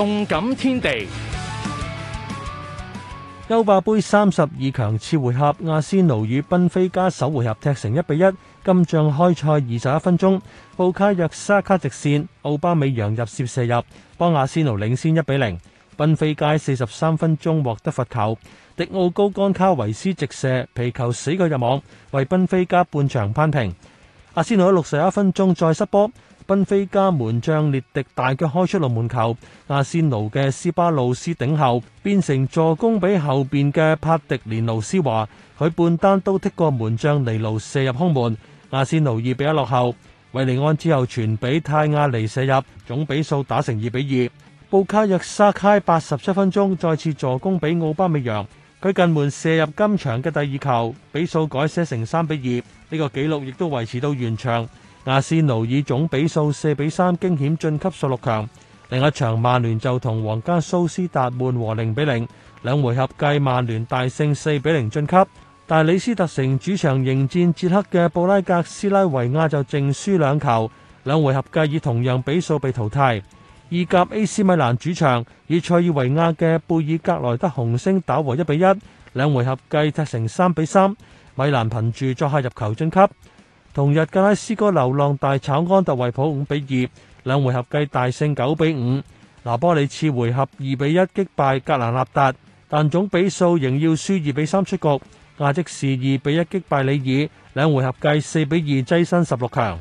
動感天地。歐霸盃三十二強次回合，阿仙奴與賓菲加首回合踢成一比一。金像開賽二十一分鐘，布卡約沙卡直線，奧巴美揚入楔射入，幫阿仙奴領先一比零。賓菲加四十三分鐘獲得罰球，迪奧高干卡維斯直射皮球死角入網，為賓菲加半場扳平。阿仙奴喺六十一分鐘再失波。賓菲加門將列迪大腳開出龍門球，阿仙奴嘅斯巴魯斯頂後變成助攻，俾後邊嘅帕迪連奴斯華，佢半單都剔過門將尼路射入空門，阿仙奴二比一落後。維尼安之後傳俾泰亞尼射入，總比數打成二比二。布卡約沙卡八十七分鐘再次助攻俾奧巴美揚，佢近門射入今場嘅第二球，比數改寫成三比二。呢個紀錄亦都維持到完場。阿仙奴以總比數四比三驚險晉級十六強，另一場曼聯就同皇家蘇斯達悶和零比零，兩回合計曼聯大勝四比零晉級。但李斯特城主場迎戰捷克嘅布拉格斯拉維亞就淨輸兩球，兩回合計以同樣比數被淘汰。意甲 AC 米蘭主場以塞爾維亞嘅貝爾格萊德紅星打和一比一，兩回合計踢成三比三，米蘭憑住作客入球晉級。同日格拉斯哥流浪大炒安特衛普五比二，兩回合計大勝九比五。拿波里次回合二比一擊敗格蘭納達，但總比數仍要輸二比三出局。亞積士二比一擊敗里爾，兩回合計四比二躋身十六強。